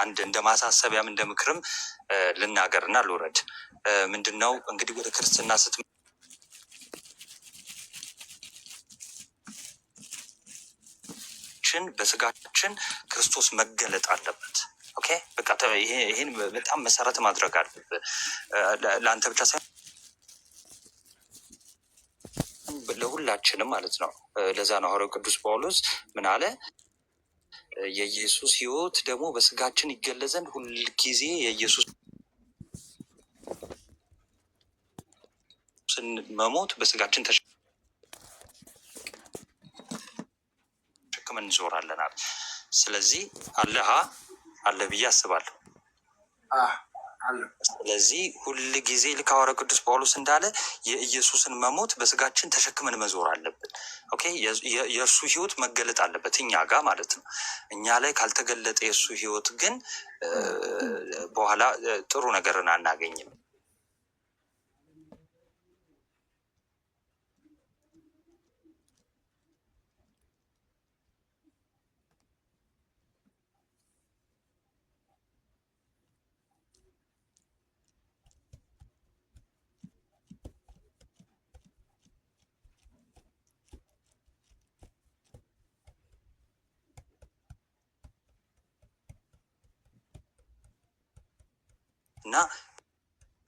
አንድ እንደ ማሳሰቢያም እንደ ምክርም ልናገር እና ልውረድ። ምንድን ነው እንግዲህ ወደ ክርስትና ስት በስጋችን ክርስቶስ መገለጥ አለበት። ኦኬ በቃ ይህን በጣም መሰረት ማድረግ አለብህ። ለአንተ ብቻ ሳይሆን ለሁላችንም ማለት ነው። ለዛ ነው ሐዋርያው ቅዱስ ጳውሎስ ምን አለ? የኢየሱስ ህይወት ደግሞ በስጋችን ይገለጽ ዘንድ ሁልጊዜ የኢየሱስ መሞት በስጋችን ተሸክመን እንዞራለናል። ስለዚህ አለሃ አለ ብዬ አስባለሁ። ስለዚህ ሁል ጊዜ ልክ ሐዋርያው ቅዱስ ጳውሎስ እንዳለ የኢየሱስን መሞት በስጋችን ተሸክመን መዞር አለብን። ኦኬ የእርሱ ህይወት መገለጥ አለበት እኛ ጋር ማለት ነው። እኛ ላይ ካልተገለጠ የእሱ ህይወት ግን በኋላ ጥሩ ነገርን አናገኝም። እና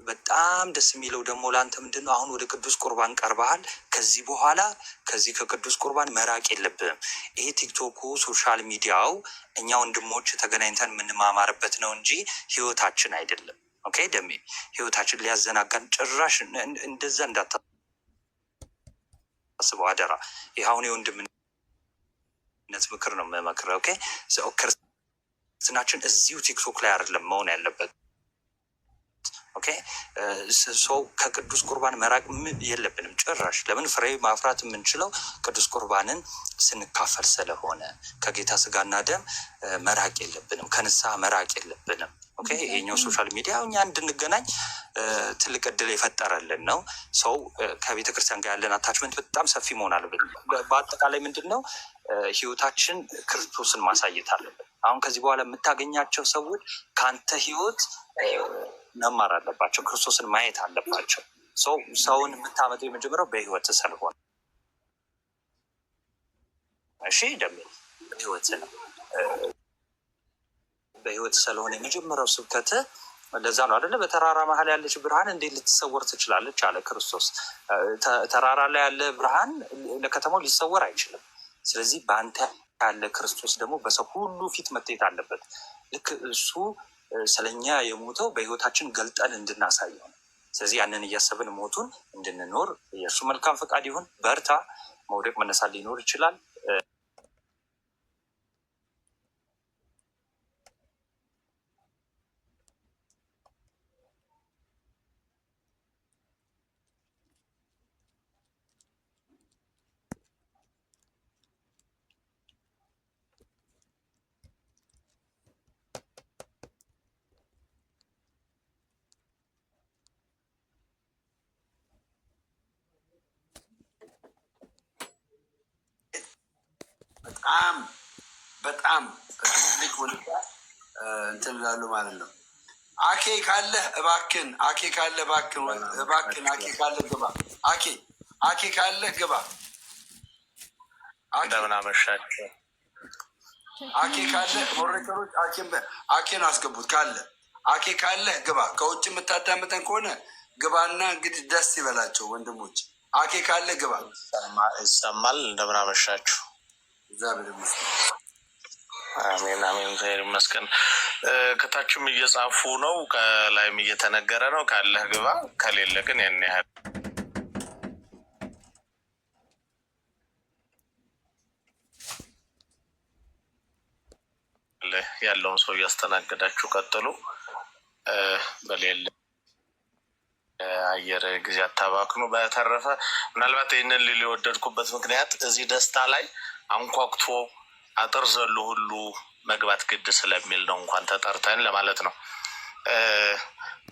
በጣም ደስ የሚለው ደግሞ ለአንተ ምንድን ነው? አሁን ወደ ቅዱስ ቁርባን ቀርበሃል። ከዚህ በኋላ ከዚህ ከቅዱስ ቁርባን መራቅ የለብም። ይሄ ቲክቶኩ፣ ሶሻል ሚዲያው እኛ ወንድሞች ተገናኝተን የምንማማርበት ነው እንጂ ህይወታችን አይደለም። ኦኬ ደሜ፣ ህይወታችን ሊያዘናጋን ጭራሽ እንደዛ እንዳታስበው አደራ። ይህ አሁን የወንድምነት ምክር ነው የምመክረው። ኦኬ ክርስትናችን እዚሁ ቲክቶክ ላይ አይደለም መሆን ያለበት ኦኬ ሰው ከቅዱስ ቁርባን መራቅ የለብንም ጭራሽ። ለምን ፍሬ ማፍራት የምንችለው ቅዱስ ቁርባንን ስንካፈል ስለሆነ ከጌታ ስጋና ደም መራቅ የለብንም፣ ከንስሐ መራቅ የለብንም። ኦኬ ይሄኛው ሶሻል ሚዲያ እኛ እንድንገናኝ ትልቅ እድል የፈጠረልን ነው። ሰው ከቤተ ክርስቲያን ጋር ያለን አታችመንት በጣም ሰፊ መሆን አለብን። በአጠቃላይ ምንድን ነው ህይወታችን ክርስቶስን ማሳየት አለብን። አሁን ከዚህ በኋላ የምታገኛቸው ሰዎች ከአንተ ህይወት መማር አለባቸው። ክርስቶስን ማየት አለባቸው። ሰው ሰውን የምታመጠው የመጀመሪያው በህይወት ስለሆነ እሺ፣ ደሚ በህይወት ነው። በህይወት ስለሆነ የመጀመሪያው ስብከት ለዛ ነው አደለ? በተራራ መሀል ያለች ብርሃን እንዴት ልትሰወር ትችላለች? አለ ክርስቶስ። ተራራ ላይ ያለ ብርሃን ለከተማው ሊሰወር አይችልም። ስለዚህ በአንተ ያለ ክርስቶስ ደግሞ በሰው ሁሉ ፊት መታየት አለበት። ልክ እሱ ስለኛ የሞተው በህይወታችን ገልጠን እንድናሳየው ነው። ስለዚህ ያንን እያሰብን ሞቱን እንድንኖር የእርሱ መልካም ፈቃድ ይሁን። በርታ። መውደቅ መነሳት ሊኖር ይችላል። በጣም በጣም ትልቅ ሁኔታ እንትን ላሉ ማለት ነው። አኬ ካለህ እባክን፣ አኬ ካለ እባክን፣ እባክን፣ አኬ ካለ ግባ፣ አኬ አኬ ካለ ግባ። እንደምን አመሻችሁ። አኬ ካለ ሞሬተሮች አኬን አኬን አስገቡት ካለ አኬ ካለ ግባ። ከውጭ የምታዳምጠን ከሆነ ግባና እንግዲህ ደስ ይበላቸው ወንድሞች። አኬ ካለ ግባ። ይሰማል። እንደምን አመሻችሁ እግዚአብሔር ይመስገን። አሜን አሜን። እግዚአብሔር ይመስገን። ከታችም እየጻፉ ነው፣ ከላይም እየተነገረ ነው። ካለህ ግባ፣ ከሌለ ግን ያን ያህል ያለውን ሰው እያስተናገዳችሁ ቀጥሉ። በሌለ አየር ጊዜ አታባክኑ። በተረፈ ምናልባት ይህንን ልል የወደድኩበት ምክንያት እዚህ ደስታ ላይ አንኳኩቶ አጥር ዘሎ ሁሉ መግባት ግድ ስለሚል ነው። እንኳን ተጠርተን ለማለት ነው።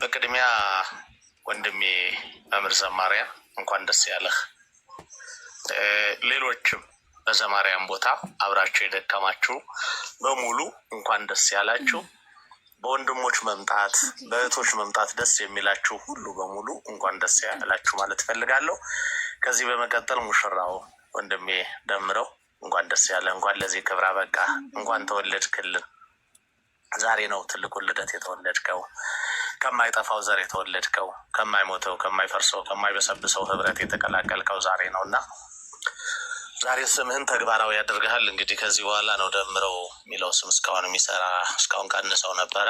በቅድሚያ ወንድሜ መምህር ዘማሪያ እንኳን ደስ ያለህ። ሌሎችም በዘማሪያም ቦታ አብራችሁ የደከማችሁ በሙሉ እንኳን ደስ ያላችሁ። በወንድሞች መምጣት በእህቶች መምጣት ደስ የሚላችሁ ሁሉ በሙሉ እንኳን ደስ ያላችሁ ማለት እፈልጋለሁ። ከዚህ በመቀጠል ሙሽራው ወንድሜ ደምረው እንኳን ደስ ያለ፣ እንኳን ለዚህ ክብር በቃ እንኳን ተወለድክልን። ዛሬ ነው ትልቁ ልደት የተወለድከው፣ ከማይጠፋው ዘር የተወለድከው፣ ከማይሞተው፣ ከማይፈርሰው፣ ከማይበሰብሰው ህብረት የተቀላቀልከው ዛሬ ነው እና ዛሬ ስምህን ተግባራዊ ያደርግሃል። እንግዲህ ከዚህ በኋላ ነው ደምረው የሚለው ስም እስካሁን የሚሰራ እስካሁን ቀንሰው ነበረ።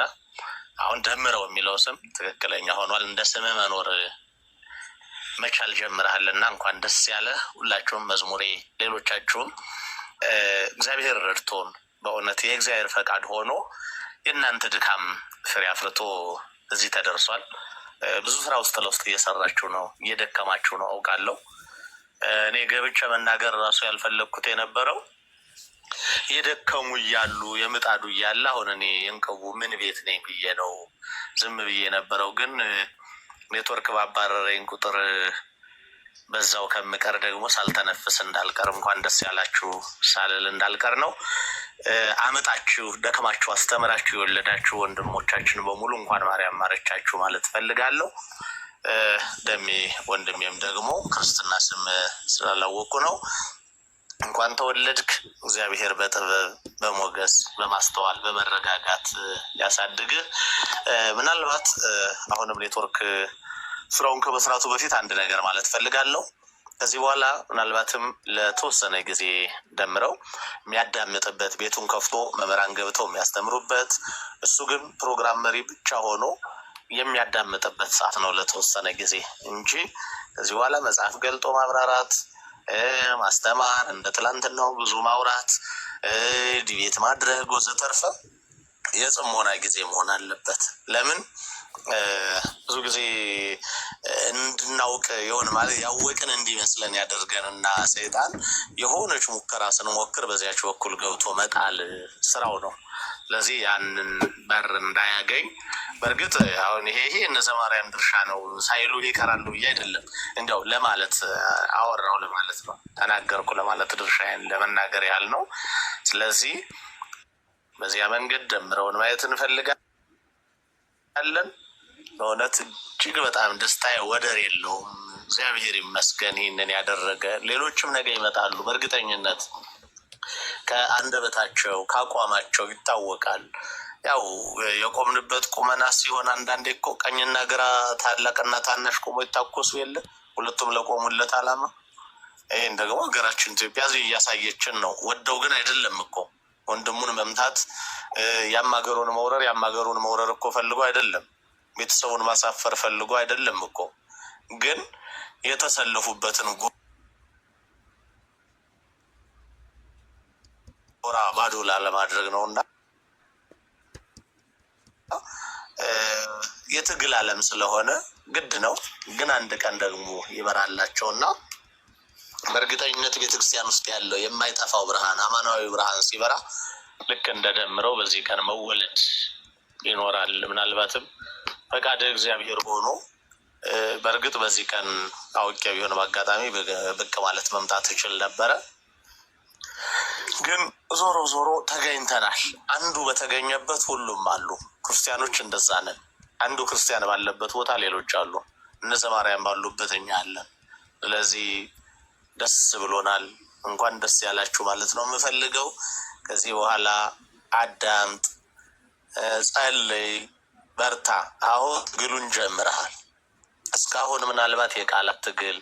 አሁን ደምረው የሚለው ስም ትክክለኛ ሆኗል። እንደ ስምህ መኖር መቻል ጀምረሃል እና እንኳን ደስ ያለ ሁላችሁም መዝሙሬ፣ ሌሎቻችሁም እግዚአብሔር ረድቶን በእውነት የእግዚአብሔር ፈቃድ ሆኖ የእናንተ ድካም ፍሬ አፍርቶ እዚህ ተደርሷል። ብዙ ስራ ውስጥ ለውስጥ እየሰራችሁ ነው፣ እየደከማችሁ ነው አውቃለሁ። እኔ ገብቼ መናገር ራሱ ያልፈለግኩት የነበረው የደከሙ እያሉ የምጣዱ እያለ አሁን እኔ እንቅቡ ምን ቤት ነኝ ብዬ ነው ዝም ብዬ የነበረው። ግን ኔትወርክ ባባረረኝ ቁጥር በዛው ከምቀር ደግሞ ሳልተነፍስ እንዳልቀር እንኳን ደስ ያላችሁ ሳልል እንዳልቀር ነው። አመጣችሁ ደክማችሁ አስተምራችሁ የወለዳችሁ ወንድሞቻችን በሙሉ እንኳን ማርያም ማረቻችሁ ማለት እፈልጋለሁ። ደሜ ወንድሜም ደግሞ ክርስትና ስም ስላላወቁ ነው። እንኳን ተወለድክ። እግዚአብሔር በጥበብ በሞገስ በማስተዋል በመረጋጋት ያሳድግህ። ምናልባት አሁንም ኔትወርክ ስራውን ከመስራቱ በፊት አንድ ነገር ማለት ፈልጋለሁ። ከዚህ በኋላ ምናልባትም ለተወሰነ ጊዜ ደምረው የሚያዳምጥበት ቤቱን ከፍቶ መምህራን ገብተው የሚያስተምሩበት እሱ ግን ፕሮግራም መሪ ብቻ ሆኖ የሚያዳምጥበት ሰዓት ነው ለተወሰነ ጊዜ እንጂ ከዚህ በኋላ መጽሐፍ ገልጦ ማብራራት ማስተማር፣ እንደ ትላንትናው ብዙ ማውራት፣ ዲቤት ማድረግ ወዘተርፈ የጽሞና ጊዜ መሆን አለበት። ለምን ብዙ ጊዜ እንድናውቅ የሆነ ማለት ያወቅን እንዲመስለን ያደርገን እና ሰይጣን የሆነች ሙከራ ስንሞክር በዚያች በኩል ገብቶ መጣል ስራው ነው። ስለዚህ ያንን በር እንዳያገኝ በእርግጥ አሁን ይሄ ይሄ እነዘ ማርያም ድርሻ ነው ሳይሉ ይከራሉ ብዬ አይደለም፣ እንዲያው ለማለት አወራው ለማለት ነው ተናገርኩ ለማለት ድርሻዬን ለመናገር ያህል ነው። ስለዚህ በዚያ መንገድ ደምረውን ማየት እንፈልጋለን። በእውነት እጅግ በጣም ደስታ ወደር የለውም። እግዚአብሔር ይመስገን ይህንን ያደረገ። ሌሎችም ነገ ይመጣሉ በእርግጠኝነት። ከአንደበታቸው ከአቋማቸው ይታወቃል። ያው የቆምንበት ቁመና ሲሆን አንዳንዴ እኮ ቀኝና ግራ ታላቅና ታናሽ ቆሞ ይታኮሱ የለ ሁለቱም ለቆሙለት አላማ ይህን ደግሞ ሀገራችን ኢትዮጵያ እያሳየችን ነው። ወደው ግን አይደለም እኮ ወንድሙን መምታት ያም ሀገሩን መውረር ያም ሀገሩን መውረር እኮ ፈልጎ አይደለም። ቤተሰቡን ማሳፈር ፈልጎ አይደለም እኮ ግን የተሰለፉበትን ዲያስፖራ ባዶ ለማድረግ ነው እና የትግል አለም ስለሆነ ግድ ነው። ግን አንድ ቀን ደግሞ ይበራላቸው እና በእርግጠኝነት ቤተክርስቲያን ውስጥ ያለው የማይጠፋው ብርሃን አማናዊ ብርሃን ሲበራ ልክ እንደደምረው በዚህ ቀን መወለድ ይኖራል። ምናልባትም ፈቃድ እግዚአብሔር ሆኖ በእርግጥ በዚህ ቀን አውቄ ቢሆን በአጋጣሚ ብቅ ማለት መምጣት ይችል ነበረ። ግን ዞሮ ዞሮ ተገኝተናል። አንዱ በተገኘበት ሁሉም አሉ። ክርስቲያኖች እንደዛ ነን። አንዱ ክርስቲያን ባለበት ቦታ ሌሎች አሉ። እነዚ ማርያም ባሉበት እኛ አለን። ስለዚህ ደስ ብሎናል። እንኳን ደስ ያላችሁ ማለት ነው የምፈልገው። ከዚህ በኋላ አዳምጥ፣ ጸልይ፣ በርታ። አሁን ግሉን ጀምረሃል። እስካሁን ምናልባት የቃላት ትግል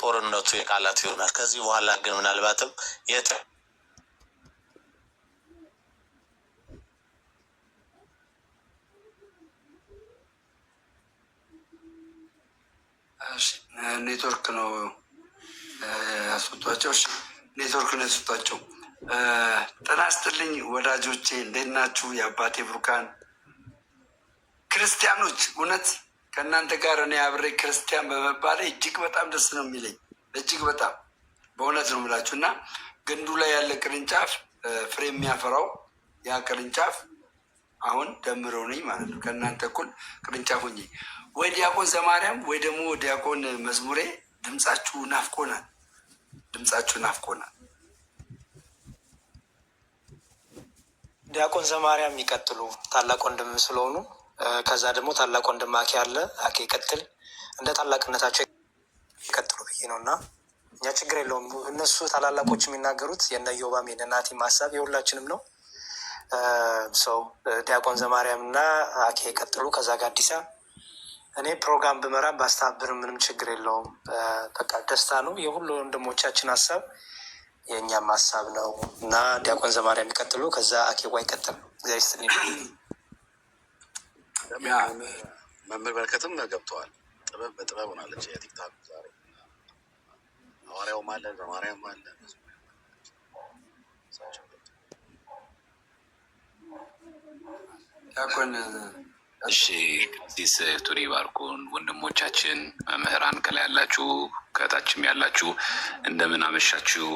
ጦርነቱ የቃላት ይሆናል። ከዚህ በኋላ ግን ምናልባትም የት ኔትወርክ ነው ያስወጧቸው። ኔትወርክ ነው ያስወጧቸው። ጤና ይስጥልኝ ወዳጆቼ፣ እንዴት ናችሁ? የአባቴ ብሩካን ክርስቲያኖች እውነት ከእናንተ ጋር እኔ አብሬ ክርስቲያን በመባል እጅግ በጣም ደስ ነው የሚለኝ። እጅግ በጣም በእውነት ነው የምላችሁ እና ግንዱ ላይ ያለ ቅርንጫፍ ፍሬ የሚያፈራው ያ ቅርንጫፍ አሁን ደምረው ነኝ ማለት ነው። ከእናንተ እኩል ቅርንጫፍ ሆኜ ወይ ዲያቆን ዘማርያም ወይ ደግሞ ዲያቆን መዝሙሬ ድምፃችሁ ናፍቆናል፣ ድምፃችሁ ናፍቆናል። ዲያቆን ዘማርያም ይቀጥሉ ታላቅ ወንድም ስለሆኑ ከዛ ደግሞ ታላቅ ወንድም አኬ አለ። አኬ ይቀጥል፣ እንደ ታላቅነታቸው ይቀጥሉ ብዬ ነው እና እኛ ችግር የለውም። እነሱ ታላላቆች የሚናገሩት የነ ዮባም የነ ናቲም ሀሳብ የሁላችንም ነው። ሰው ዲያቆን ዘማርያም እና አኬ ይቀጥሉ፣ ከዛ ጋር አዲሳ እኔ ፕሮግራም ብመራ ባስተባብር ምንም ችግር የለውም። በቃ ደስታ ነው። የሁሉ ወንድሞቻችን ሀሳብ የእኛም ሀሳብ ነው እና ዲያቆን ዘማርያም ይቀጥሉ፣ ከዛ አኬዋ ይቀጥል። እግዚአብሔር ይስጥልኝ። መምህር በረከትም ገብተዋል። ጥበብ በጥበብ ሆናለች። የቲክታክ ዛሬ ሐዋርያውም አለ ዘማርያም አለ እሺ ዲስ ቱሪ ባርኩን ወንድሞቻችን መምህራን ከላይ ያላችሁ ከታችም ያላችሁ እንደምን አመሻችሁ።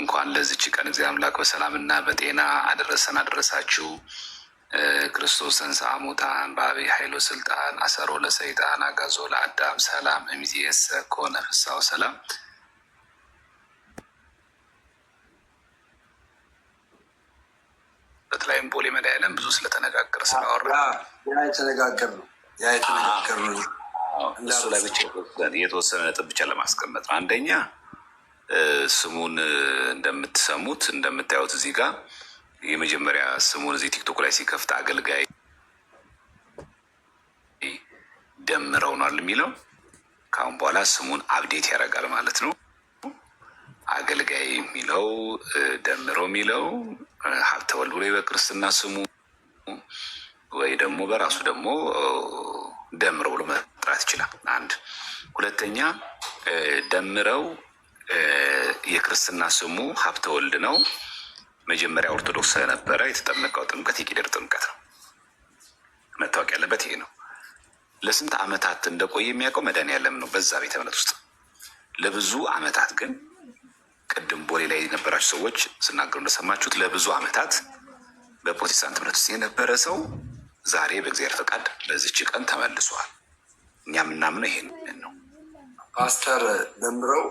እንኳን ለዚች ቀን እግዚአብሔር አምላክ በሰላምና በጤና አደረሰን አደረሳችሁ። ክርስቶስን ሳሙታን በአብይ ኃይሎ ስልጣን አሰሮ ለሰይጣን አጋዞ ለአዳም ሰላም እምይእዜሰ ኮነ ፍስሐ ወሰላም። በተለይም ቦሌ መድኃኒዓለም ብዙ ስለተነጋገር ስላወራ የተነጋገር ነው ያ የተነጋገር ነው። እሱ ላይ ብቻ የተወሰነ ነጥብ ብቻ ለማስቀመጥ ነው። አንደኛ ስሙን እንደምትሰሙት እንደምታዩት እዚህ ጋር የመጀመሪያ ስሙን እዚህ ቲክቶክ ላይ ሲከፍት አገልጋይ ደምረው ደምረውናል የሚለው ከአሁን በኋላ ስሙን አብዴት ያደርጋል ማለት ነው። አገልጋይ የሚለው ደምረው የሚለው ሀብተ ወልድ ብሎ በክርስትና ስሙ ወይ ደግሞ በራሱ ደግሞ ደምረው ብሎ መጥራት ይችላል። አንድ ሁለተኛ ደምረው የክርስትና ስሙ ሀብተ ወልድ ነው። መጀመሪያ ኦርቶዶክስ ስለነበረ የተጠመቀው ጥምቀት የቄደር ጥምቀት ነው። መታወቅ ያለበት ይሄ ነው። ለስንት ዓመታት እንደቆየ የሚያውቀው መድኃኔዓለም ነው በዛ ቤተ እምነት ውስጥ ለብዙ ዓመታት ግን ቅድም ቦሌ ላይ የነበራቸው ሰዎች ስናገሩ እንደሰማችሁት ለብዙ ዓመታት በፕሮቴስታንት እምነት ውስጥ የነበረ ሰው ዛሬ በእግዚአብሔር ፈቃድ በዚች ቀን ተመልሷል። እኛ የምናምነው ይሄን ነው። ፓስተር ደምረው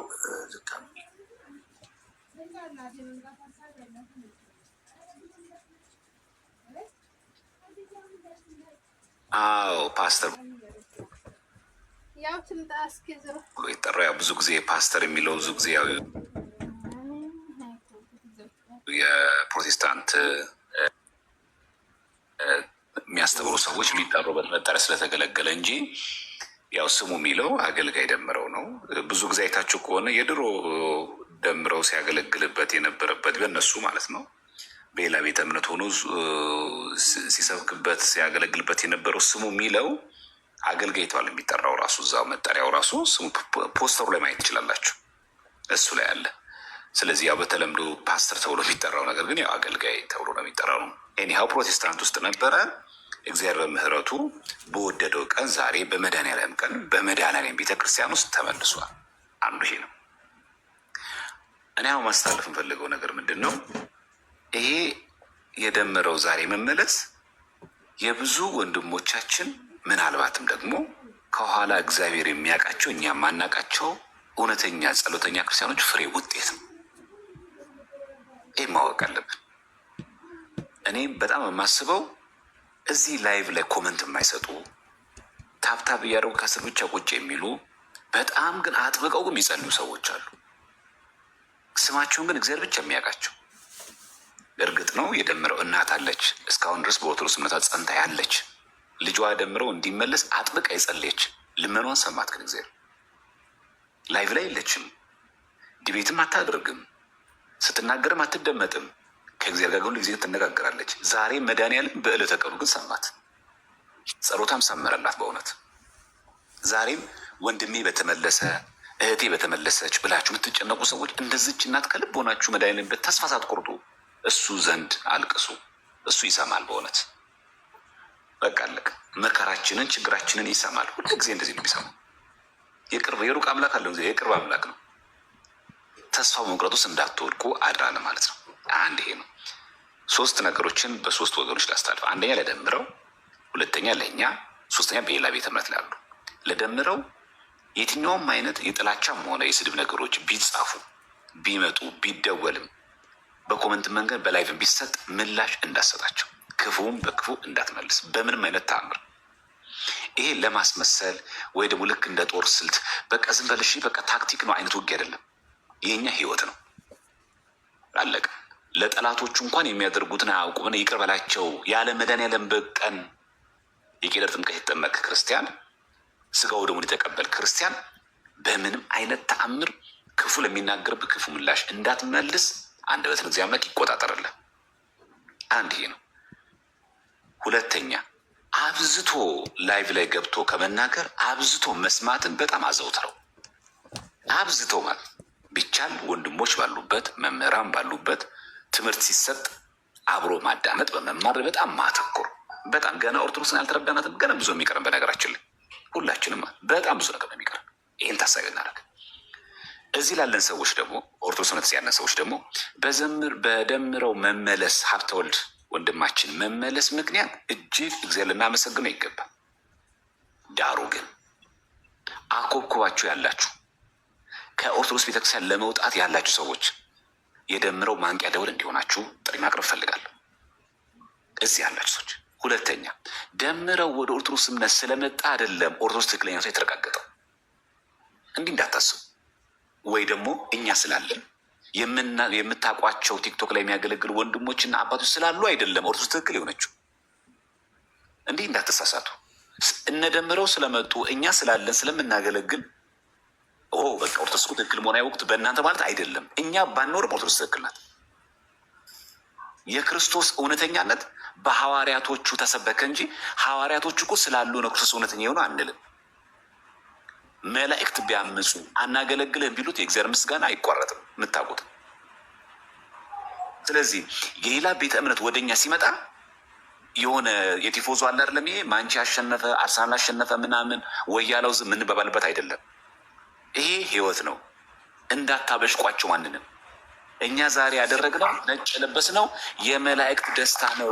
አዎ ፓስተር ይጠራ። ያው ብዙ ጊዜ ፓስተር የሚለው ብዙ ጊዜ ያው የፕሮቴስታንት የሚያስተምሩ ሰዎች የሚጠሩ በመጠሪያ ስለተገለገለ እንጂ ያው ስሙ የሚለው አገልጋይ ደምረው ነው። ብዙ ጊዜ አይታችሁ ከሆነ የድሮ ደምረው ሲያገለግልበት የነበረበት በእነሱ ማለት ነው በሌላ ቤተ እምነት ሆኖ ሲሰብክበት ሲያገለግልበት የነበረው ስሙ የሚለው አገልጋይ ተዋል የሚጠራው ራሱ እዛ መጠሪያው ራሱ ስሙ ፖስተሩ ላይ ማየት ትችላላችሁ። እሱ ላይ አለ። ስለዚህ ያው በተለምዶ ፓስተር ተብሎ የሚጠራው ነገር ግን ያው አገልጋይ ተብሎ ነው የሚጠራው። ኤኒሃው ፕሮቴስታንት ውስጥ ነበረ። እግዚአብሔር በምህረቱ በወደደው ቀን ዛሬ በመድኃኔዓለም ቀን በመድኃኔዓለም ቤተክርስቲያን ውስጥ ተመልሷል። አንዱ ይሄ ነው። እኔ ያው ማስተላለፍ የምፈልገው ነገር ምንድን ነው? ይሄ የደመረው ዛሬ መመለስ የብዙ ወንድሞቻችን ምናልባትም ደግሞ ከኋላ እግዚአብሔር የሚያውቃቸው እኛ የማናውቃቸው እውነተኛ ጸሎተኛ ክርስቲያኖች ፍሬ ውጤት ነው። ይህ ማወቅ አለብን። እኔ በጣም የማስበው እዚህ ላይቭ ላይ ኮመንት የማይሰጡ ታብታብ እያደረጉ ከስር ብቻ ቁጭ የሚሉ በጣም ግን አጥብቀው ግን የሚጸልዩ ሰዎች አሉ። ስማቸውን ግን እግዚአብሔር ብቻ የሚያውቃቸው እርግጥ ነው የደምረው እናት አለች። እስካሁን ድረስ በወትሮ እምነቷ ጸንታ ያለች ልጇ ደምረው እንዲመለስ አጥብቃ የጸለየች ልመኗን ሰማት። ግን እግዚአብሔር ላይቭ ላይ የለችም፣ ዲቤትም አታደርግም፣ ስትናገርም አትደመጥም። ከእግዚአብሔር ጋር ጊዜ ትነጋገራለች። ዛሬ መድኃኒዓለም በዕለተ ቀኑ ግን ሰማት፣ ጸሎታም ሰመረላት። በእውነት ዛሬም ወንድሜ በተመለሰ እህቴ በተመለሰች ብላችሁ የምትጨነቁ ሰዎች እንደዚች እናት ከልብ ሆናችሁ መድኃኒዓለም ተስፋ ሳትቆርጡ እሱ ዘንድ አልቅሱ፣ እሱ ይሰማል። በእውነት በቃ አለቀ። መከራችንን ችግራችንን ይሰማል። ሁሉ ጊዜ እንደዚህ ነው የሚሰማው። የቅርብ የሩቅ አምላክ አለው፣ የቅርብ አምላክ ነው። ተስፋ መቁረጥ ውስጥ እንዳትወድቁ አድራለ ማለት ነው። አንድ ይሄ ነው። ሶስት ነገሮችን በሶስት ወገኖች ላስታልፍ። አንደኛ ለደምረው፣ ሁለተኛ ለእኛ፣ ሶስተኛ በሌላ ቤተ እምነት ላሉ። ለደምረው የትኛውም አይነት የጥላቻም ሆነ የስድብ ነገሮች ቢጻፉ ቢመጡ ቢደወልም በኮመንት መንገድ በላይቭ ቢሰጥ ምላሽ እንዳሰጣቸው፣ ክፉም በክፉ እንዳትመልስ በምንም አይነት ተአምር። ይሄ ለማስመሰል ወይ ደግሞ ልክ እንደ ጦር ስልት በቃ ዝም በል በቃ ታክቲክ ነው አይነት ውጊያ አይደለም። የእኛ ህይወት ነው አለቀ። ለጠላቶቹ እንኳን የሚያደርጉትን አያውቁምን ይቅር በላቸው ያለ መድኃኒዓለም በቀን የቄደር ጥምቀት የተጠመቀ ክርስቲያን ስጋው ደግሞ ሊተቀበል ክርስቲያን በምንም አይነት ተአምር ክፉ ለሚናገርብ ክፉ ምላሽ እንዳትመልስ አንደበትን እግዚአብሔር አምላክ ይቆጣጠርልህ። አንድ ይሄ ነው። ሁለተኛ አብዝቶ ላይቭ ላይ ገብቶ ከመናገር አብዝቶ መስማትን በጣም አዘውትረው። አብዝቶ ማለት ቢቻል ወንድሞች ባሉበት መምህራን ባሉበት ትምህርት ሲሰጥ አብሮ ማዳመጥ በመማር በጣም ማተኮር በጣም ገና ኦርቶዶክስን ያልተረዳናትም ገና ብዙ የሚቀርም በነገራችን ላይ ሁላችንም በጣም ብዙ ነገር የሚቀርም። ይህን ታሳቢ እናደርግ። እዚህ ላለን ሰዎች ደግሞ ኦርቶዶክስ እምነት ያለን ሰዎች ደግሞ በዘምር በደምረው መመለስ ሀብተወልድ ወንድማችን መመለስ ምክንያት እጅግ እግዚአብሔር ልናመሰግነው ይገባል። ዳሩ ግን አኮብኩባችሁ ያላችሁ ከኦርቶዶክስ ቤተክርስቲያን ለመውጣት ያላችሁ ሰዎች የደምረው ማንቂያ ደውል እንዲሆናችሁ ጥሪ ማቅረብ እፈልጋለሁ። እዚህ ያላችሁ ሰዎች ሁለተኛ ደምረው ወደ ኦርቶዶክስ እምነት ስለመጣ አይደለም ኦርቶዶክስ ትክክለኛ ሰው የተረጋገጠው እንዲህ እንዳታስቡ። ወይ ደግሞ እኛ ስላለን የምታውቋቸው ቲክቶክ ላይ የሚያገለግሉ ወንድሞችና አባቶች ስላሉ አይደለም ኦርቶዶክስ ትክክል የሆነችው። እንዲህ እንዳትሳሳቱ። እነደምረው ስለመጡ እኛ ስላለን ስለምናገለግል በቃ ኦርቶዶክስ ትክክል መሆን ወቅት በእናንተ ማለት አይደለም። እኛ ባንኖርም ኦርቶዶክስ ትክክል ናት። የክርስቶስ እውነተኛነት በሐዋርያቶቹ ተሰበከ እንጂ ሐዋርያቶቹ እኮ ስላሉ ነው ክርስቶስ እውነተኛ የሆነ አንልም። መላእክት ቢያመፁ አናገለግልህም ቢሉት የእግዚአብሔር ምስጋና አይቋረጥም። የምታውቁት። ስለዚህ የሌላ ቤተ እምነት ወደኛ ሲመጣ የሆነ የቲፎዞ አለ አይደለም፣ ይሄ ማንቺ አሸነፈ አርሰናል አሸነፈ ምናምን ወያለው የምንበባልበት አይደለም። ይሄ ህይወት ነው። እንዳታበሽቋቸው ማንንም እኛ ዛሬ ያደረግነው ነጭ ነው። የመላእክት ደስታ ነው።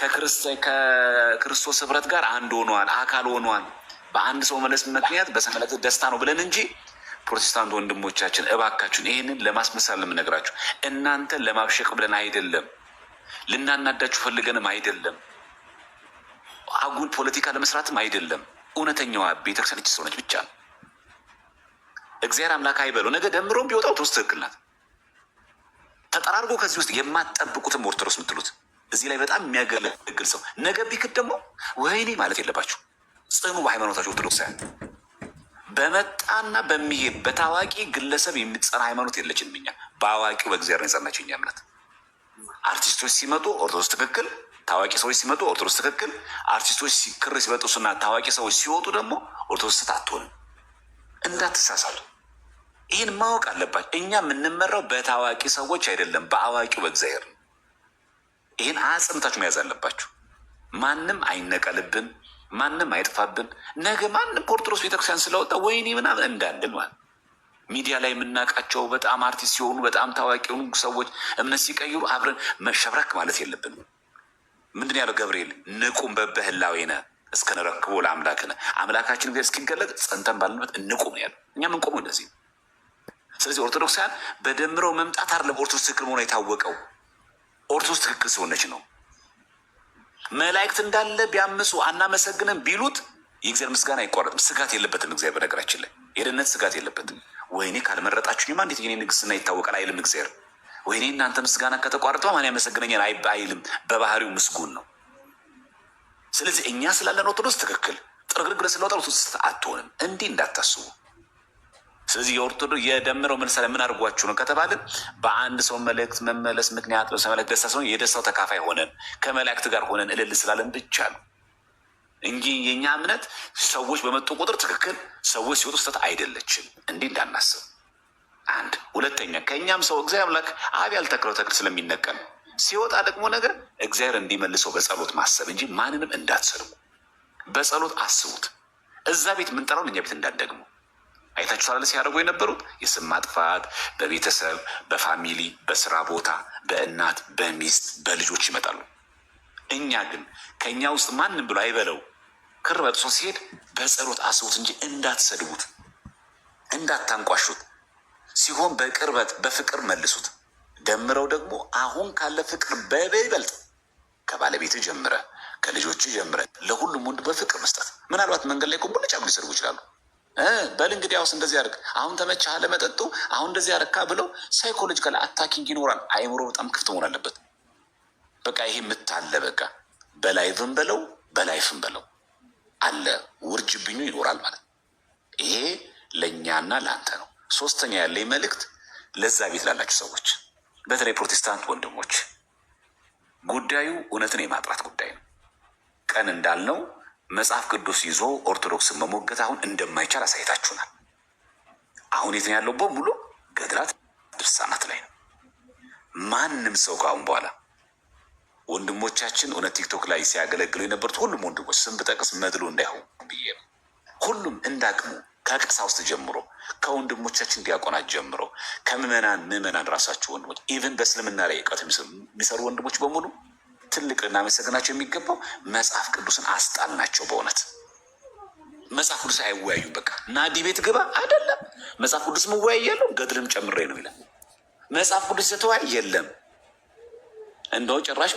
ከክርስቶስ ህብረት ጋር አንድ ሆኗል፣ አካል ሆኗል። በአንድ ሰው መለስ ምክንያት በሰመለት ደስታ ነው ብለን እንጂ ፕሮቴስታንት ወንድሞቻችን እባካችሁን ይህንን ለማስመሳል የምነግራችሁ እናንተ ለማብሸቅ ብለን አይደለም፣ ልናናዳችሁ ፈልገንም አይደለም፣ አጉል ፖለቲካ ለመስራትም አይደለም። እውነተኛዋ ቤተክርስቲያን ሰውነች ብቻ ነው። እግዚአብሔር አምላክ አይበለው ነገ ደምሮም ቢወጣው ተወስ ትክክል ናት። ተጠራርጎ ከዚህ ውስጥ የማትጠብቁትም ኦርቶዶክስ የምትሉት እዚህ ላይ በጣም የሚያገለግል ሰው ነገ ቢክድ ደግሞ ወይኔ ማለት የለባችሁ። ጽኑ በሃይማኖታቸው ኦርቶዶክሳውያን በመጣና በሚሄድ በታዋቂ ግለሰብ የሚጸና ሃይማኖት የለችንም። እኛ በአዋቂው በእግዚአብሔር ነው የጸናቸው እኛ እምነት። አርቲስቶች ሲመጡ ኦርቶዶክስ ትክክል፣ ታዋቂ ሰዎች ሲመጡ ኦርቶዶክስ ትክክል፣ አርቲስቶች ክር ሲበጡስና ታዋቂ ሰዎች ሲወጡ ደግሞ ኦርቶዶክስ አትሆንም። እንዳትሳሳሉ። ይህን ማወቅ አለባቸው። እኛ የምንመራው በታዋቂ ሰዎች አይደለም፣ በአዋቂው በእግዚአብሔር ይህን አጽምታችሁ መያዝ አለባችሁ። ማንም አይነቀልብን። ማንም አይጥፋብን። ነገ ማንም ኦርቶዶክስ ቤተክርስቲያን ስለወጣ ወይኔ ምናምን እንዳንል ማለት ሚዲያ ላይ የምናውቃቸው በጣም አርቲስት ሲሆኑ በጣም ታዋቂ የሆኑ ሰዎች እምነት ሲቀይሩ አብረን መሸብረክ ማለት የለብንም። ምንድን ያለው ገብርኤል ንቁም በበህላዊነ እስከንረክቦ ለአምላክነ አምላካችን እግዚአብሔር እስኪገለጥ ጸንተን ባለንበት እንቁም ያለ እኛ ምንቆመው እንደዚህ ስለዚህ ኦርቶዶክሳውያን በደምረው መምጣት አይደለም ኦርቶዶክስ ትክክል መሆኗ የታወቀው ኦርቶዶክስ ትክክል ሰውነች ነው። መላእክት እንዳለ ቢያምፁ አናመሰግንም ቢሉት የእግዚአብሔር ምስጋና አይቋረጥም። ስጋት የለበትም። እግዚአብሔር ነገራችን ላይ የደህንነት ስጋት የለበትም። ወይኔ ካልመረጣችሁኝማ እንዴት የኔ ንግስና ይታወቃል አይልም እግዚአብሔር። ወይኔ እናንተ ምስጋና ከተቋረጠ ማን ያመሰግነኛል አይልም። በባህሪው ምስጉን ነው። ስለዚህ እኛ ስላለን ኦርቶዶክስ ትክክል፣ ጥርግርግር ስለወጣ አትሆንም። እንዲህ እንዳታስቡ። ስለዚህ የኦርቶዶ የደምረው ምንሳ ምን አድርጓችሁ ነው ከተባልን በአንድ ሰው መልእክት መመለስ ምክንያት ሰመለክ ደስታ ሲሆን የደስታው ተካፋይ ሆነን ከመላእክት ጋር ሆነን እልል ስላለን ብቻ ነው እንጂ የእኛ እምነት ሰዎች በመጡ ቁጥር ትክክል፣ ሰዎች ሲወጡ ስህተት አይደለችም። እንዲህ እንዳናስብ። አንድ ሁለተኛ ከእኛም ሰው እግዚአብሔር አምላክ አብ ያልተክለው ተክል ስለሚነቀም ሲወጣ ደግሞ ነገር እግዚአብሔር እንዲመልሰው በጸሎት ማሰብ እንጂ ማንንም እንዳትሰልቡ። በጸሎት አስቡት። እዛ ቤት የምንጠራውን እኛ ቤት እንዳደግሙ አይታችኋል ሲያደርጉ የነበሩት የስም ማጥፋት በቤተሰብ በፋሚሊ በስራ ቦታ በእናት በሚስት በልጆች ይመጣሉ እኛ ግን ከእኛ ውስጥ ማንም ብሎ አይበለው ክር በጥሶ ሲሄድ በጸሎት አስቡት እንጂ እንዳትሰድቡት እንዳታንቋሹት ሲሆን በቅርበት በፍቅር መልሱት ደምረው ደግሞ አሁን ካለ ፍቅር በበይበልጥ ከባለቤት ጀምረ ከልጆች ጀምረ ለሁሉም ወንድ በፍቅር መስጠት ምናልባት መንገድ ላይ ቁም ብለጫ ሊሰድቡ ይችላሉ በል እንግዲህ ያውስ እንደዚህ ያርግ፣ አሁን ተመቻህ ለመጠጡ፣ አሁን እንደዚህ ያረካ ብለው ሳይኮሎጂካል አታኪንግ ይኖራል። አይምሮ በጣም ክፍት መሆን አለበት። በቃ ይሄ የምታለ በቃ በላይቭም በለው በላይፍም በለው አለ ውርጅብኙ ይኖራል ማለት ነው። ይሄ ለእኛና ለአንተ ነው። ሶስተኛ ያለኝ መልእክት ለዛ ቤት ላላችሁ ሰዎች፣ በተለይ ፕሮቴስታንት ወንድሞች ጉዳዩ እውነትን የማጥራት ጉዳይ ነው። ቀን እንዳልነው መጽሐፍ ቅዱስ ይዞ ኦርቶዶክስን መሞገት አሁን እንደማይቻል አሳይታችሁናል። አሁን የት ነው ያለው? በሙሉ ገድላት ድርሳናት ላይ ነው። ማንም ሰው ከአሁን በኋላ ወንድሞቻችን እውነት ቲክቶክ ላይ ሲያገለግሉ የነበሩት ሁሉም ወንድሞች ስም ብጠቅስ መድሎ እንዳይሆን ብዬ ነው። ሁሉም እንዳቅሙ ከቀሳውስት ጀምሮ ከወንድሞቻችን ዲያቆናት ጀምሮ ከምዕመናን ምዕመናን ራሳቸው ወንድሞች ኢቨን በእስልምና ላይ እውቀት የሚሰሩ ወንድሞች በሙሉ ትልቅ ልናመሰግናቸው የሚገባው መጽሐፍ ቅዱስን አስጣልናቸው። በእውነት መጽሐፍ ቅዱስ አይወያዩም። በቃ እና ዲቤት ግባ አይደለም። መጽሐፍ ቅዱስ መወያይ ገድልም ጨምሬ ነው ይላል። መጽሐፍ ቅዱስ የተወያይ የለም። እንደው ጭራሽ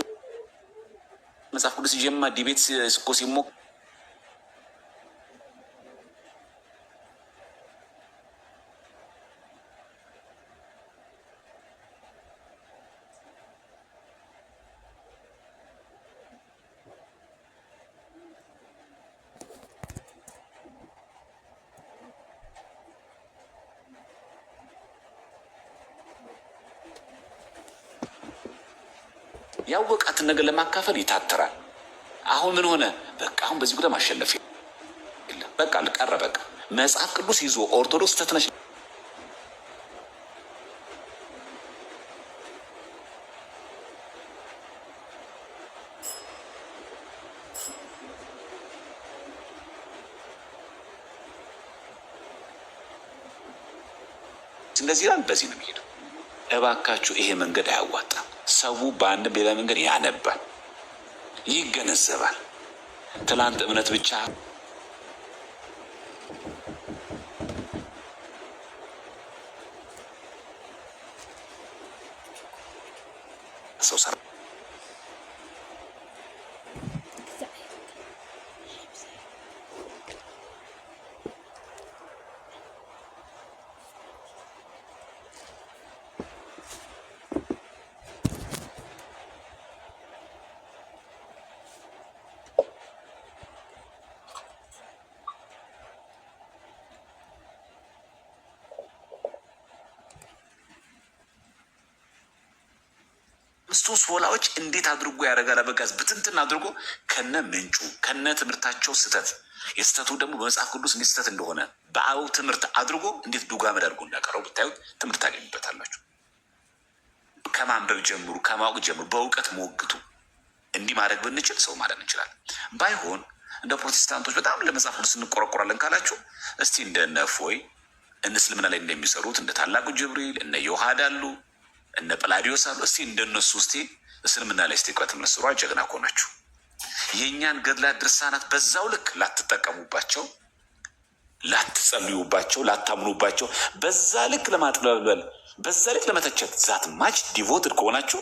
መጽሐፍ ቅዱስ ጀማ ዲቤት እኮ ሲሞክ የራሱን ነገር ለማካፈል ይታትራል። አሁን ምን ሆነ? በቃ አሁን በዚህ ጉዳይ ማሸነፍ የለም በቃ ልቀረ በቃ መጽሐፍ ቅዱስ ይዞ ኦርቶዶክስ ተትነሽ እንደዚህ ይላል። በዚህ ነው የሚሄደው። እባካችሁ ይሄ መንገድ አያዋጣም። ሰው በአንድ ሌላ መንገድ ያነባል፣ ይገነዘባል። ትላንት እምነት ብቻ ሶስት ወላዎች እንዴት አድርጎ ያደርጋል አበጋዝ ብትንትን አድርጎ ከነ ምንጩ ከነ ትምህርታቸው ስህተት የስህተቱ ደግሞ በመጽሐፍ ቅዱስ እንዴት ስህተት እንደሆነ በአበው ትምህርት አድርጎ እንዴት ዱጋመድ አድርጎ እንዳቀረው ብታዩት ትምህርት ታገኙበታላችሁ። ከማንበብ ጀምሩ፣ ከማወቅ ጀምሩ፣ በእውቀት ሞግቱ። እንዲህ ማድረግ ብንችል ሰው ማዳን እንችላለን። ባይሆን እንደ ፕሮቴስታንቶች በጣም ለመጽሐፍ ቅዱስ እንቆረቆራለን ካላችሁ እስቲ እንደ እነ እፎይ እነ እስልምና ላይ እንደሚሰሩት እንደ ታላቁ ጅብሪል እነ ዮሐድ አሉ እነ ጵላዲዮስ አሉ። እስቲ እንደነሱ ውስቴ እስልምና ላይ ስቴ እውቀት መስሯ ጀግና እኮ ናችሁ። የእኛን ገድላት ድርሳናት በዛው ልክ ላትጠቀሙባቸው፣ ላትጸልዩባቸው፣ ላታምኑባቸው በዛ ልክ ለማጥለበል በዛ ልክ ለመተቸት ዛት ማች ዲቮትድ ከሆናችሁ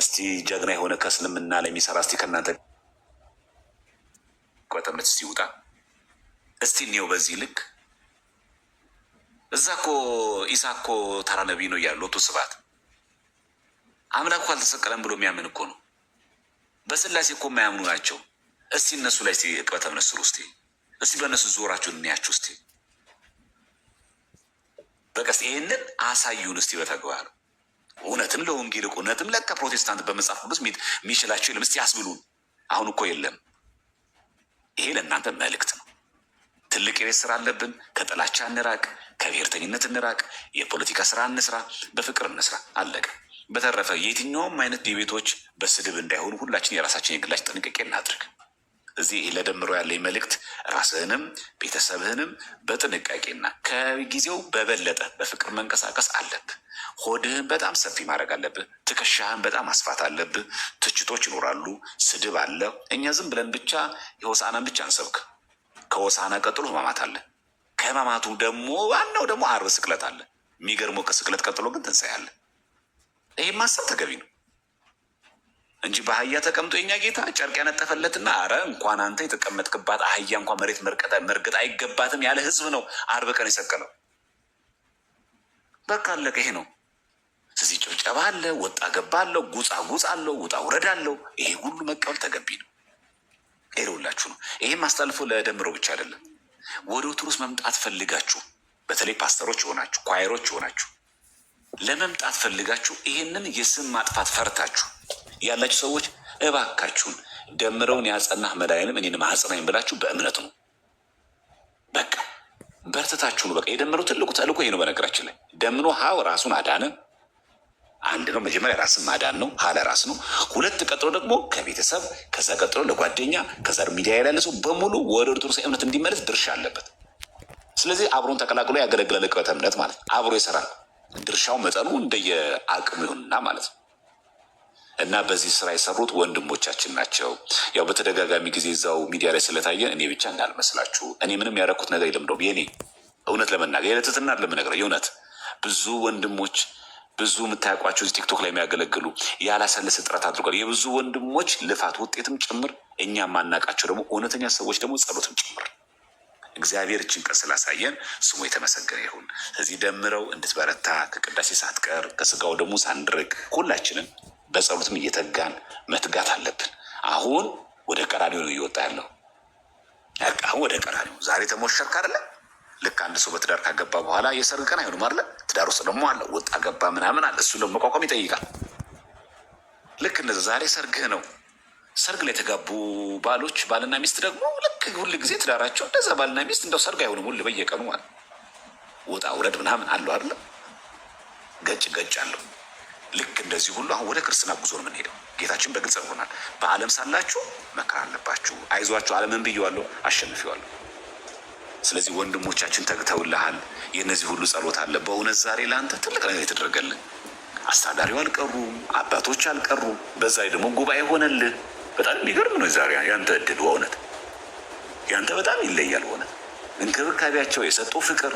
እስቲ ጀግና የሆነ ከእስልምና ላይ የሚሰራ እስቲ ከእናንተ ቆጠምት እስቲ ይውጣ እስቲ እኔው በዚህ ልክ እዛ ኮ ኢሳ እኮ ተራ ነቢይ ነው እያሉ ቱ ስብሐት አምላክ እኮ አልተሰቀለም ብሎ የሚያምን እኮ ነው። በስላሴ እኮ የማያምኑ ናቸው። እስቲ እነሱ ላይ ቅበተ እምነት ስሩ። እስቲ እስቲ በእነሱ ዞራችሁን እንያችሁ እስቲ በቀስ ይህንን አሳዩን እስቲ በተግባር እውነትም ለወንጌል እውነትም ለካ ፕሮቴስታንት በመጽሐፍ ቅዱስ የሚችላቸው የለም። እስቲ ያስብሉን። አሁን እኮ የለም። ይሄ ለእናንተ መልእክት ነው። ትልቅ የቤት ስራ አለብን። ከጥላቻ እንራቅ፣ ከብሔርተኝነት እንራቅ፣ የፖለቲካ ስራ እንስራ፣ በፍቅር እንስራ። አለቀ። በተረፈ የትኛውም አይነት ዲቤቶች በስድብ እንዳይሆኑ ሁላችን የራሳችን የግላጭ ጥንቃቄ እናድርግ። እዚህ ለደምሮ ያለ መልእክት ራስህንም ቤተሰብህንም በጥንቃቄና ከጊዜው በበለጠ በፍቅር መንቀሳቀስ አለብህ። ሆድህን በጣም ሰፊ ማድረግ አለብህ። ትከሻህን በጣም ማስፋት አለብህ። ትችቶች ይኖራሉ፣ ስድብ አለ። እኛ ዝም ብለን ብቻ የሆሳናን ብቻ አንሰብክ። ከሆሳና ቀጥሎ ህማማት አለ። ከህማማቱ ደግሞ ዋናው ደግሞ አርብ ስቅለት አለ። የሚገርመው ከስቅለት ቀጥሎ ግን ትንሣኤ አለ። ይህ ማሰብ ተገቢ ነው እንጂ በአህያ ተቀምጦ የኛ ጌታ ጨርቅ ያነጠፈለትና አረ እንኳን አንተ የተቀመጥክባት አህያ እንኳ መሬት መርገጥ አይገባትም ያለ ህዝብ ነው አርብ ቀን የሰቀለው። በቃ አለቀ። ይሄ ነው። ስለዚህ ጭብጨባ አለ፣ ወጣ ገባ አለው፣ ጉጻ ጉጻ አለው፣ ውጣ ውረድ አለው። ይሄ ሁሉ መቀበል ተገቢ ነው። ይሄውላችሁ ነው። ይሄም አስተላልፎ ለደምረው ብቻ አይደለም። ወደ ኦርቶዶክስ መምጣት ፈልጋችሁ በተለይ ፓስተሮች ይሆናችሁ፣ ኳየሮች ይሆናችሁ ለመምጣት ፈልጋችሁ ይህንን የስም ማጥፋት ፈርታችሁ ያላችሁ ሰዎች እባካችሁን ደምረውን ያጸናህ መድኃኒዓለም እኔንም አጽናኝ ብላችሁ በእምነት ነው። በቃ በርትታችሁ ነው። በቃ የደምረው ትልቁ ተልእኮ ይሄ ነው። በነገራችን ላይ ደምኖ ሀው ራሱን አዳነ። አንድ ነው መጀመሪያ ራስን ማዳን ነው፣ ሀለ ራስ ነው። ሁለት ቀጥሎ ደግሞ ከቤተሰብ ከዛ ቀጥሎ ለጓደኛ ከዛ ሚዲያ ያላለ ሰው በሙሉ ወደ ኦርቶዶክስ እምነት እንዲመለስ ድርሻ አለበት። ስለዚህ አብሮን ተቀላቅሎ ያገለግላል። ቅበተ እምነት ማለት አብሮ ይሰራል። ድርሻው መጠኑ እንደየ አቅሙ ይሁንና ማለት ነው። እና በዚህ ስራ የሰሩት ወንድሞቻችን ናቸው። ያው በተደጋጋሚ ጊዜ እዛው ሚዲያ ላይ ስለታየ እኔ ብቻ እንዳልመስላችሁ፣ እኔ ምንም ያደረኩት ነገር የለም። እንደውም የኔ እውነት ለመናገር የለትትና ለመነገር የእውነት ብዙ ወንድሞች ብዙ የምታያውቋቸው እዚህ ቲክቶክ ላይ የሚያገለግሉ ያላሰለሰ ጥረት አድርጓል። የብዙ ወንድሞች ልፋት ውጤትም ጭምር እኛ የማናውቃቸው ደግሞ እውነተኛ ሰዎች ደግሞ ጸሎትም ጭምር እግዚአብሔር ይህችን ቀን ስላሳየን ስሙ የተመሰገነ ይሁን። እዚህ ደምረው እንድትበረታ ከቅዳሴ ሳትቀር ከስጋው ደግሞ ሳንድርግ ሁላችንም በጸሎትም እየተጋን መትጋት አለብን። አሁን ወደ ቀራኒው ነው እየወጣ ያለው። አሁን ወደ ቀራኒው ዛሬ ተሞሸርክ አይደለ? ልክ አንድ ሰው በትዳር ካገባ በኋላ የሰርግ ቀን አይሆንም አይደለ? ትዳር ውስጥ ደግሞ አለ ወጣ ገባ ምናምን አለ። እሱ ደግሞ መቋቋም ይጠይቃል። ልክ እነዚ ዛሬ ሰርግህ ነው ሰርግ ላይ የተጋቡ ባሎች ባልና ሚስት ደግሞ ልክ ሁል ጊዜ ትዳራቸው እንደዛ ባልና ሚስት እንደው ሰርግ አይሆንም ሁል በየቀኑ ማለት ወጣ ውረድ ምናምን አለው አለ ገጭ ገጭ አለው። ልክ እንደዚህ ሁሉ አሁን ወደ ክርስትና ጉዞ ነው የምንሄደው። ጌታችን በግልጽ ሆናል። በአለም ሳላችሁ መከራ አለባችሁ፣ አይዟችሁ፣ ዓለምን ብየዋለሁ፣ አሸንፊዋለሁ። ስለዚህ ወንድሞቻችን ተግተውልሃል። የእነዚህ ሁሉ ጸሎት አለ። በእውነት ዛሬ ለአንተ ትልቅ ነገር የተደረገልን አስተዳዳሪው አልቀሩም፣ አባቶች አልቀሩም። በዛ ደግሞ ጉባኤ ሆነልህ። በጣም የሚገርም ነው። ዛሬ ያንተ እድል በእውነት ያንተ በጣም ይለያል። በእውነት እንክብካቤያቸው የሰጡ ፍቅር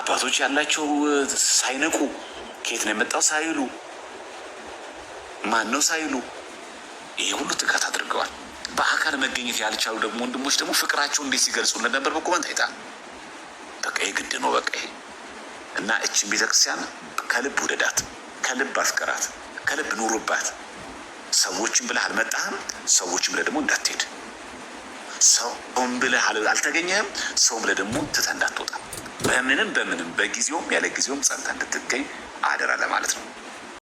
አባቶች ያላቸው ሳይነቁ ከየት ነው የመጣው ሳይሉ ማን ነው ሳይሉ ይሄ ሁሉ ትጋት አድርገዋል። በአካል መገኘት ያልቻሉ ደግሞ ወንድሞች ደግሞ ፍቅራቸው እንዴት ሲገልጹ እንደነበር በኮመንት አይታል። በቃ የግድ ነው በቃ ይሄ እና እችን ቤተክርስቲያን ከልብ ውደዳት፣ ከልብ አፍቅራት፣ ከልብ ኑሩባት። ሰዎችን ብለህ አልመጣህም፣ ሰዎችን ብለህ ደግሞ እንዳትሄድ፣ ሰውን ብለህ አልተገኘህም፣ ሰው ብለህ ደግሞ ትተህ እንዳትወጣ፣ በምንም በምንም በጊዜውም ያለ ጊዜውም ጸንተህ እንድትገኝ አደራ ለማለት ነው።